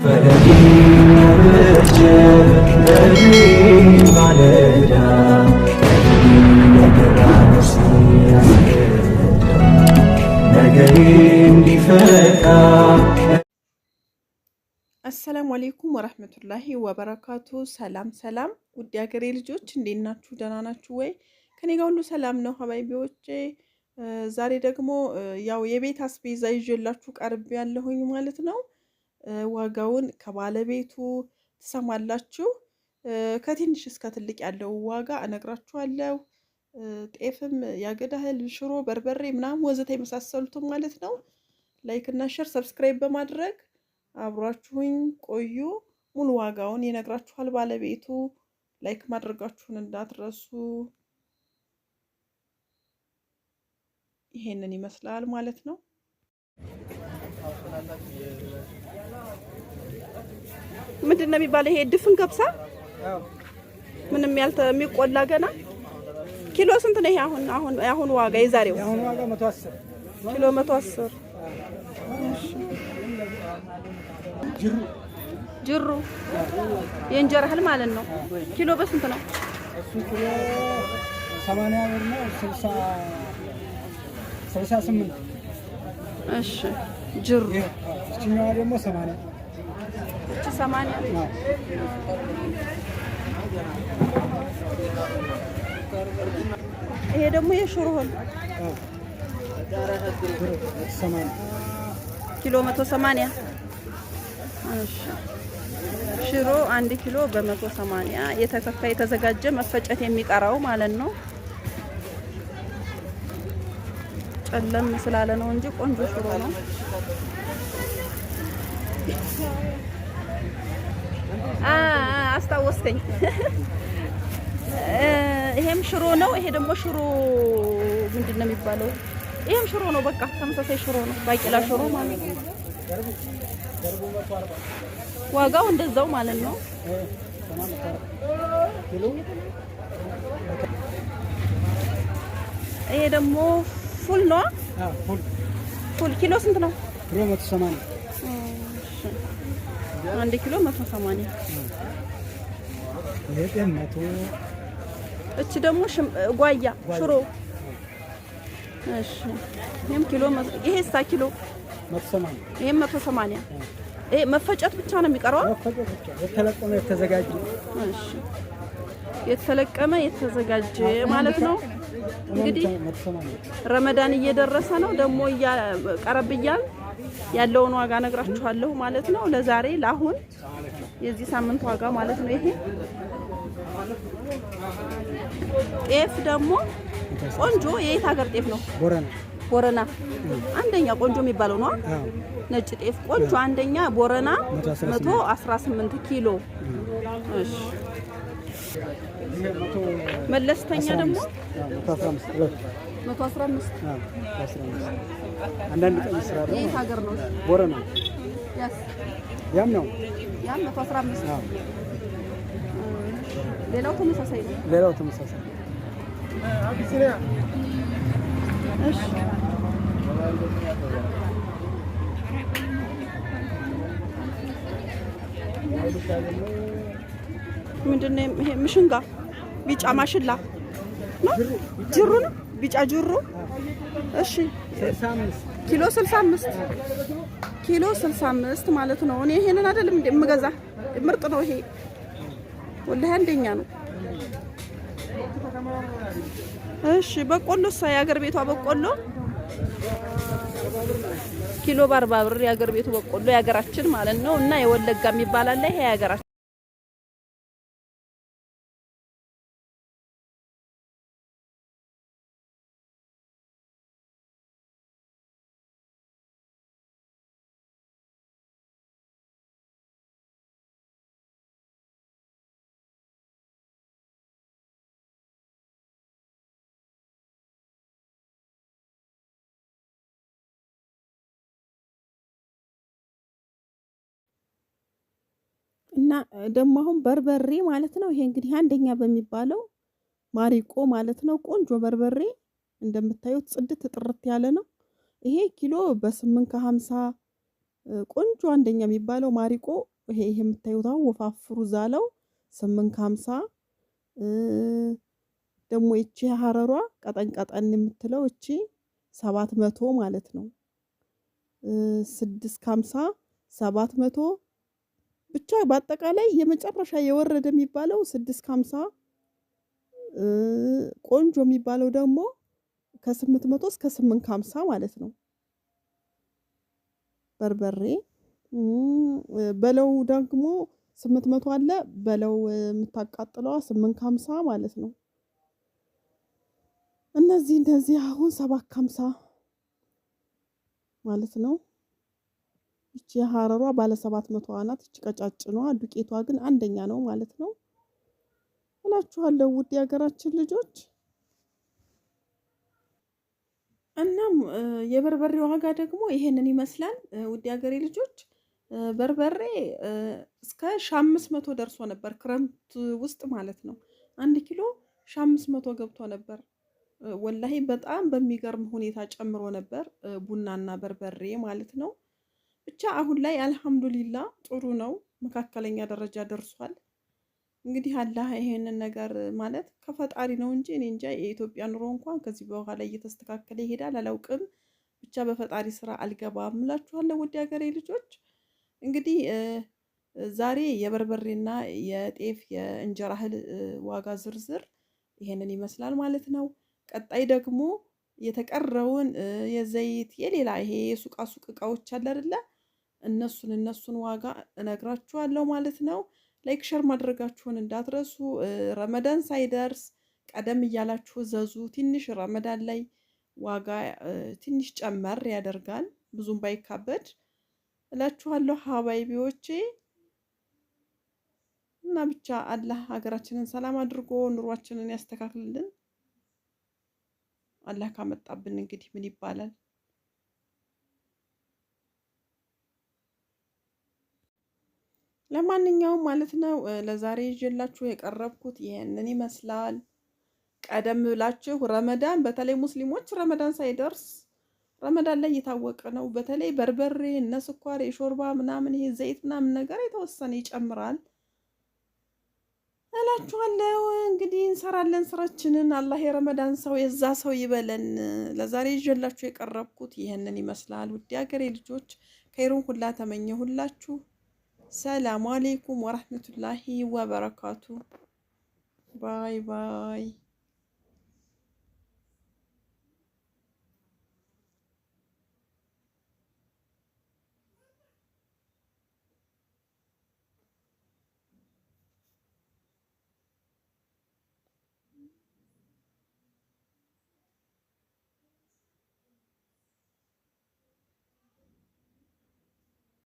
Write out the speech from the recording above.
አሰላሙ አሌይኩም ወረህመቱላሂ ወበረካቱ። ሰላም ሰላም፣ ውድ ሀገሬ ልጆች እንዴት ናችሁ? ደህና ናችሁ ወይ? ከኔ ጋር ሁሉ ሰላም ነው። ሀባይቢዎቼ ዛሬ ደግሞ ያው የቤት አስቤዛ ይዤላችሁ ቀርብ ያለሁኝ ማለት ነው። ዋጋውን ከባለቤቱ ትሰማላችሁ። ከትንሽ እስከ ትልቅ ያለው ዋጋ እነግራችኋለሁ። ጤፍም፣ የአገዳ እህል፣ ሽሮ፣ በርበሬ ምናምን ወዘተ የመሳሰሉትም ማለት ነው። ላይክ እና ሸር ሰብስክራይብ በማድረግ አብሯችሁኝ ቆዩ። ሙሉ ዋጋውን ይነግራችኋል ባለቤቱ። ላይክ ማድረጋችሁን እንዳትረሱ። ይሄንን ይመስላል ማለት ነው። ምንድን ነው የሚባለው? ይሄ ድፍን ገብሳ ምንም ያልተ የሚቆላ ገና ኪሎ ስንት ነው? ይሄ አሁን አሁን አሁን ዋጋ የዛሬው ኪሎ 110 ጅሩ ጅሩ የእንጀራ እህል ማለት ነው። ኪሎ በስንት ነው? እሺ ጅሩ ደግሞ ሰማንያ ይሄ ደግሞ የሽሮ ኪሎ መቶ ሰማንያ ሽሮ አንድ ኪሎ በመቶ ሰማንያ የተዘጋጀ መፈጨት የሚቀራው ማለት ነው። ጨለም ስላለ ነው እንጂ ቆንጆ ሽሮ ነው። አስታወስከኝ። ይሄም ሽሮ ነው። ይሄ ደግሞ ሽሮ ምንድን ነው የሚባለው? ይሄም ሽሮ ነው። በቃ ተመሳሳይ ሽሮ ነው። ባቂላ ሽሮ ማለት ነው። ዋጋው እንደዛው ማለት ነው። ይሄ ደግሞ ፉል ነው። ፉል ኪሎ ስንት ነው? አንድ ኪሎ መቶ ሰማንያ እች ደግሞ ጓያ ሽሮ እሺ ይሄም ኪሎ ይሄሳ ኪሎ ይሄም መቶ ሰማንያ መፈጨት ብቻ ነው የሚቀረው የተለቀመ የተዘጋጀ እሺ የተለቀመ የተዘጋጀ ማለት ነው እንግዲህ ረመዳን እየደረሰ ነው ደግሞ ቀረብ እያል ያለውን ዋጋ ነግራችኋለሁ ማለት ነው። ለዛሬ ለአሁን የዚህ ሳምንት ዋጋ ማለት ነው ይሄ። ጤፍ ደግሞ ቆንጆ የየት ሀገር ጤፍ ነው? ቦረና አንደኛ ቆንጆ የሚባለው ነው። ነጭ ጤፍ ቆንጆ አንደኛ ቦረና 118 ኪሎ። እሺ መለስተኛ ደግሞ 115 አንዳንድ ቀን ስራ የት ሀገር ነው? ቦረና ያም ነው ያም መቶ አስራ አምስት ሌላው ተመሳሳይ ነው። ሌላው ተመሳሳይ ምንድን ነው ይሄ? ምሽንጋ ቢጫ ማሽላ ነው። ጅሩ ነው ቢጫ ጅሩ እሺ ኪሎ 65 ኪሎ 65 ማለት ነው። እኔ ይሄንን አይደለም የምገዛ ምርጥ ነው ይሄ ወላሂ አንደኛ ነው። እሺ በቆሎ ሳይ የአገር ቤቷ በቆሎ ኪሎ በአርባ ብር የአገር ቤቱ በቆሎ የሀገራችን ማለት ነው እና የወለጋ የሚባል አለ ይሄ የሀገራችን እና ደግሞ አሁን በርበሬ ማለት ነው። ይሄ እንግዲህ አንደኛ በሚባለው ማሪቆ ማለት ነው። ቆንጆ በርበሬ እንደምታዩት ጽድት ጥርት ያለ ነው። ይሄ ኪሎ በስምንት ከሀምሳ ቆንጆ አንደኛ የሚባለው ማሪቆ ይሄ ይሄ የምታዩት አሁን ወፋፍሩ ዛለው ስምንት ከሀምሳ ደግሞ ይቺ ሀረሯ ቀጠን ቀጠን የምትለው እቺ ሰባት መቶ ማለት ነው። ስድስት ከሀምሳ ሰባት መቶ ብቻ በአጠቃላይ የመጨረሻ የወረደ የሚባለው ስድስት ከሀምሳ ቆንጆ የሚባለው ደግሞ ከስምንት መቶ እስከ ስምንት ከሀምሳ ማለት ነው። በርበሬ በለው ደግሞ ስምንት መቶ አለ በለው የምታቃጥለዋ ስምንት ከሀምሳ ማለት ነው። እነዚህ እነዚህ አሁን ሰባት ከሀምሳ ማለት ነው። እቺ ሀረሯ ባለ ሰባት መቶ ናት። ይቺ ቀጫጭኗ ዱቄቷ ግን አንደኛ ነው ማለት ነው እላችኋለሁ ውድ የሀገራችን ልጆች። እናም የበርበሬ ዋጋ ደግሞ ይሄንን ይመስላል ውድ የሀገሬ ልጆች። በርበሬ እስከ ሺህ አምስት መቶ ደርሶ ነበር ክረምት ውስጥ ማለት ነው። አንድ ኪሎ ሺህ አምስት መቶ ገብቶ ነበር። ወላሂ በጣም በሚገርም ሁኔታ ጨምሮ ነበር ቡናና በርበሬ ማለት ነው። ብቻ አሁን ላይ አልሐምዱሊላ ጥሩ ነው፣ መካከለኛ ደረጃ ደርሷል። እንግዲህ አላህ ይሄንን ነገር ማለት ከፈጣሪ ነው እንጂ እኔ እንጃ የኢትዮጵያ ኑሮ እንኳን ከዚህ በኋላ እየተስተካከለ ይሄዳል አላውቅም። ብቻ በፈጣሪ ስራ አልገባም እላችኋለሁ። ውድ ሀገሬ ልጆች እንግዲህ ዛሬ የበርበሬና የጤፍ የእንጀራ እህል ዋጋ ዝርዝር ይሄንን ይመስላል ማለት ነው። ቀጣይ ደግሞ የተቀረውን የዘይት የሌላ ይሄ የሱቃሱቅ እቃዎች አለ አይደለ? እነሱን እነሱን ዋጋ እነግራችኋለሁ ማለት ነው። ላይክ ሸር ማድረጋችሁን እንዳትረሱ። ረመዳን ሳይደርስ ቀደም እያላችሁ ዘዙ። ትንሽ ረመዳን ላይ ዋጋ ትንሽ ጨመር ያደርጋል፣ ብዙም ባይካበድ እላችኋለሁ ሀባይቢዎቼ እና ብቻ አላህ ሀገራችንን ሰላም አድርጎ ኑሯችንን ያስተካክልልን። አላህ ካመጣብን እንግዲህ ምን ይባላል? ለማንኛውም ማለት ነው ለዛሬ ይዤላችሁ የቀረብኩት ይህንን ይመስላል። ቀደም ብላችሁ ረመዳን በተለይ ሙስሊሞች ረመዳን ሳይደርስ ረመዳን ላይ እየታወቀ ነው። በተለይ በርበሬ እነ ስኳር የሾርባ ምናምን ይሄ ዘይት ምናምን ነገር የተወሰነ ይጨምራል። እላችኋለሁ። እንግዲህ እንሰራለን ስራችንን። አላህ የረመዳን ሰው የዛ ሰው ይበለን። ለዛሬ ይዤላችሁ የቀረብኩት ይህንን ይመስላል። ውድ ሀገሬ ልጆች ከይሩን ሁላ ተመኘሁላችሁ። ሰላሙ አሌይኩም ወራህመቱላሂ ወበረካቱ። ባይ ባይ።